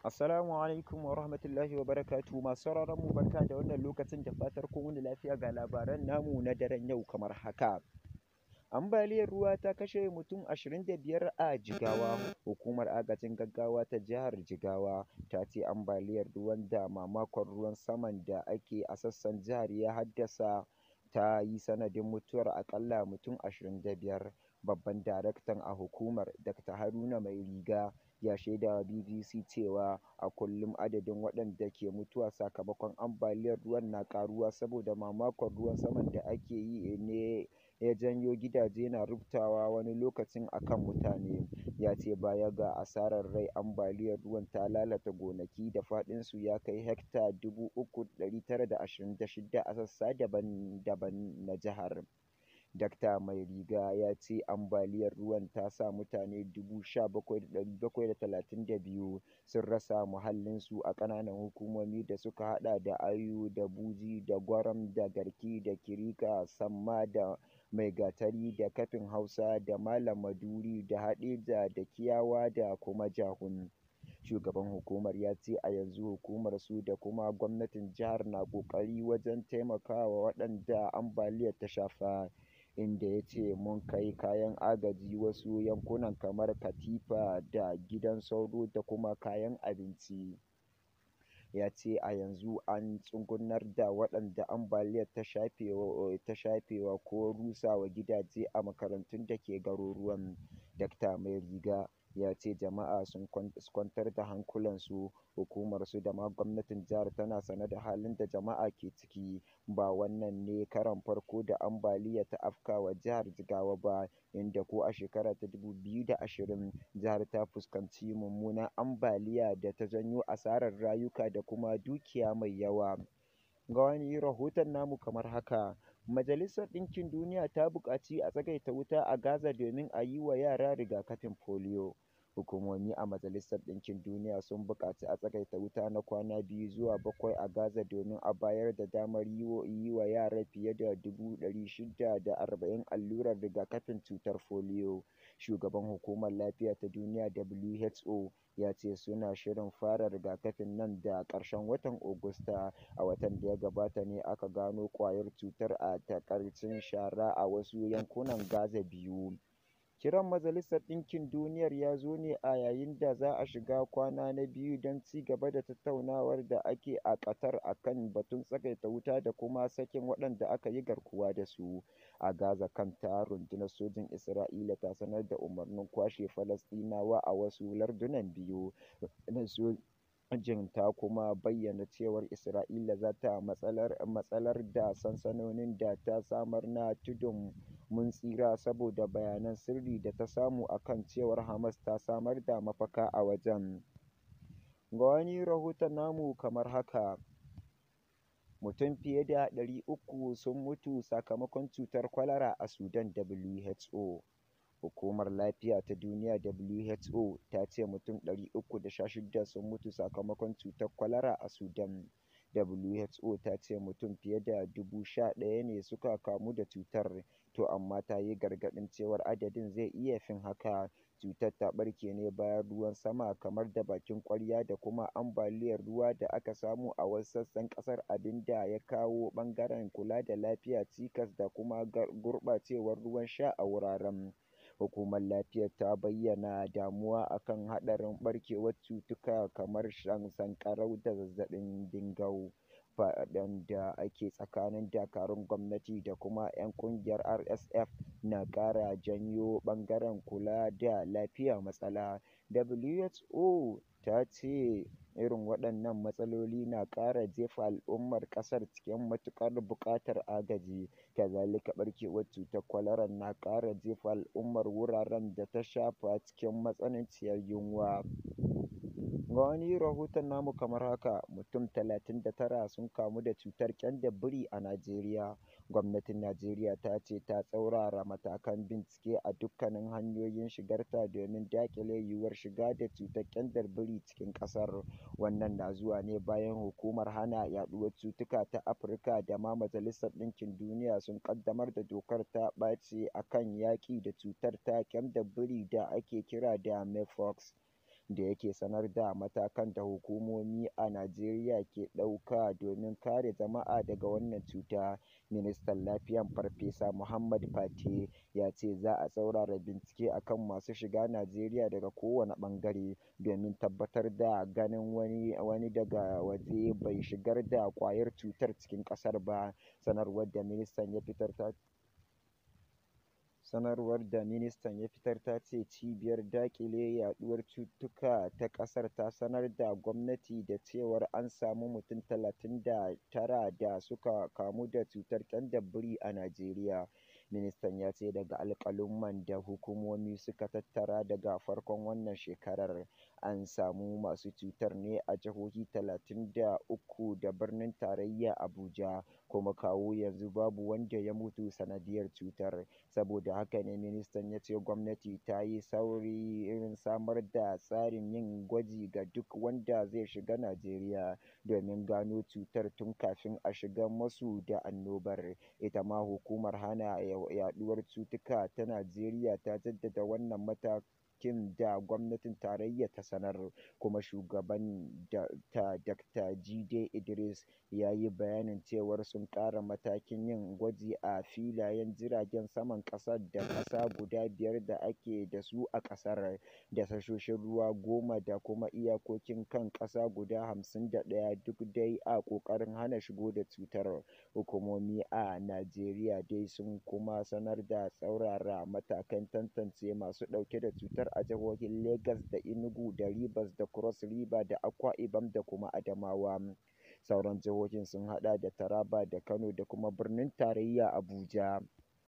Assalamu alaikum wa rahmatullahi wa barakatu masu mu barka da wannan lokacin da fatar kun wani lafiya ga labaran namu na daren yau kamar haka. Ambaliyar ruwa ta kashe mutum 25 a Jigawa, hukumar agajin gaggawa ta jihar Jigawa ta ce ambaliyar ruwan da mamakon ruwan saman da ake a sassan jihar ya haddasa ta yi sanadin mutuwar akalla mutum 25 Babban daraktan a hukumar, Dr. Haruna Mai Riga, ya shaidawa BBC cewa a kullum adadin waɗanda ke mutuwa sakamakon ambaliyar ruwan na karuwa saboda mamakon ruwan saman da ake yi ne ya janyo gidaje na rubtawa wani lokacin akan mutane, ya ce baya ga asarar rai ambaliyar ruwan ta lalata gonaki da su ya kai hekta 3,926 a sassa daban-daban na jihar. Dakta Mai Riga ya ce ambaliyar ruwan ta sa mutane da da talatin biyu sun rasa muhallinsu a ƙananan hukumomi da suka haɗa da Ayo da Buji da Gwaram da Garki da Kirika, Samma da Maigatari da Kafin Hausa da Malam Maduri da Haɗeja da Kiyawa da kuma Jahun. shugaban hukumar ya ce a yanzu hukumar su da kuma gwamnatin jihar na ƙoƙari wajen taimakawa waɗanda ambaliyar ta shafa inda ya ce mun kai kayan agaji wasu yankunan kamar katifa da gidan sauro da kuma kayan abinci. ya ce a yanzu an tsugunar da waɗanda ambaliyar ta shafewa ko rusawa gidaje a makarantun da ke garuruwan dakta Mai Riga ya ce jama'a sun kwantar da hankulansu hukumarsu da ma gwamnatin jihar tana sane da halin da jama'a ke ciki ba wannan ne karan farko da ambaliya ta afkawa jihar jigawa ba inda ko a shekara ta 2020 jihar ta fuskanci mummunan ambaliya da ta janyo asarar rayuka da kuma dukiya mai yawa ga wani rahoton namu kamar haka Majalisar Ɗinkin Duniya ta buƙaci a tsagaita wuta a Gaza domin a yi wa yara rigakafin foliyo Hukumomi a Majalisar Ɗinkin Duniya sun buƙaci a tsagaita wuta na kwana biyu zuwa bakwai a Gaza domin a bayar da damar yi wa yara fiye da dubu ɗari shida da arba'in allurar rigakafin cutar foliyo, Shugaban Hukumar Lafiya ta Duniya (WHO) ya ce suna shirin fara rigakafin nan da ƙarshen watan Agusta. A watan da ya gabata ne aka gano ƙwayar cutar a takaicin shara a wasu yankunan Gaza biyu. Kiran Majalisar Ɗinkin Duniyar ya zo ne a yayin da za a shiga kwana na biyu don ci gaba da tattaunawar da ake a Qatar a kan batun tsagaita wuta da kuma sakin waɗanda aka yi garkuwa da su a Gaza kan ta rundunar sojin Isra'ila ta sanar da umarnin kwashe Falasɗinawa a wasu lardunan biyu. Beijing ta kuma bayyana cewar Isra'ila za ta matsalar da sansanonin da ta samar na tudun mun tsira saboda bayanan sirri da ta samu a kan cewar Hamas ta samar da mafaka a wajen. Ga wani rahoton namu kamar haka: Mutum fiye da 300 sun mutu sakamakon cutar kwalara a Sudan (WHO). Hukumar Lafiya ta Duniya (WHO) ta ce mutum uku da 316 sun mutu sakamakon cutar kwalara a Sudan. WHO ta ce mutum fiye da dubu sha 11,000 ne suka kamu da cutar, to amma ta yi gargaɗin cewar adadin zai iya fin haka. Cutar ta ɓarke ne bayan ruwan sama kamar da bakin kwarya da kuma ambaliyar ruwa da aka samu a wasu sassan ƙasar abin da ya kawo ɓangaren kula da lafiya cikas da kuma gurɓacewar ruwan sha a wuraren. Hukumar lafiya ta bayyana damuwa akan kan haɗarin ɓarkewar cutuka kamar shan sankarau da zazzabin dingau faɗan da ake tsakanin dakarun gwamnati da kuma 'yan ƙungiyar rsf na ƙara janyo ɓangaren kula da lafiya matsala, WHO ta ce Irin waɗannan matsaloli na ƙara jefa al'ummar ƙasar cikin matuƙar buƙatar agaji, kazalika ɓarkewar cutar kwalarar na ƙara jefa al'ummar wuraren da ta shafa cikin matsananciyar yunwa. Ga wani rahoton namu kamar haka: Mutum 39 sun kamu da cutar ƙyandar-biri a Najeriya. Gwamnatin Najeriya ta ce ta tsaurara matakan bincike a dukkanin hanyoyin shigarta domin dakile yiwuwar shiga da cutar ƙyandar-biri cikin ƙasar. Wannan na zuwa ne bayan Hukumar Hana yaduwar cutuka ta Afirka da ma Majalisar Ɗinkin Duniya sun ƙaddamar da dokar ta ɓace a kan yaƙi da cutar ta biri da ake kira da mefox da yake sanar da matakan da hukumomi a Najeriya ke ɗauka domin kare jama'a daga wannan cuta. Ministan Lafiyan Farfesa Muhammad Pate ya ce za a tsaurara bincike a kan masu shiga Najeriya daga kowane ɓangare domin tabbatar da ganin wani, daga waje bai shigar da ƙwayar cutar cikin ƙasar ba. Sanarwar da ministan ya fitar ta Sanarwar da ministan ya fitar ta ce Cibiyar Daƙile Yaɗuwar cutuka ta ƙasar ta sanar da gwamnati da cewar an samu mutum 39 da suka kamu da cutar biri a Najeriya. Ministan ya ce daga alkaluman da hukumomi suka tattara daga farkon wannan shekarar. an samu masu cutar ne a jihohi talatin da uku da birnin tarayya Abuja kuma kawo yanzu babu wanda ya mutu sanadiyar cutar saboda haka ne ministan ya ce gwamnati ta yi sauri irin samar da tsarin yin gwaji ga duk wanda zai shiga Najeriya domin gano cutar tun kafin a shiga masu da annobar ita ma hukumar hana yaduwar cutuka ta Najeriya ta jaddada wannan matakin matakin da gwamnatin tarayya ta sanar kuma shugaban ta Dr. Jide Idris ya yi bayanin cewar sun ƙara matakin yin gwaji a filayen jiragen saman ƙasa da ƙasa guda biyar da ake da su a ƙasar da tashoshin ruwa goma da kuma iyakokin kan ƙasa guda hamsin da ɗaya duk dai a ƙoƙarin hana shigo da cutar hukumomi a Najeriya dai sun kuma sanar da tsaurara matakan tantance masu ɗauke da cutar a jihohin Legas da Enugu da Rivers da Cross River da Akwa Ibom da kuma Adamawa. Sauran jihohin sun haɗa da Taraba da Kano da kuma birnin tarayya Abuja.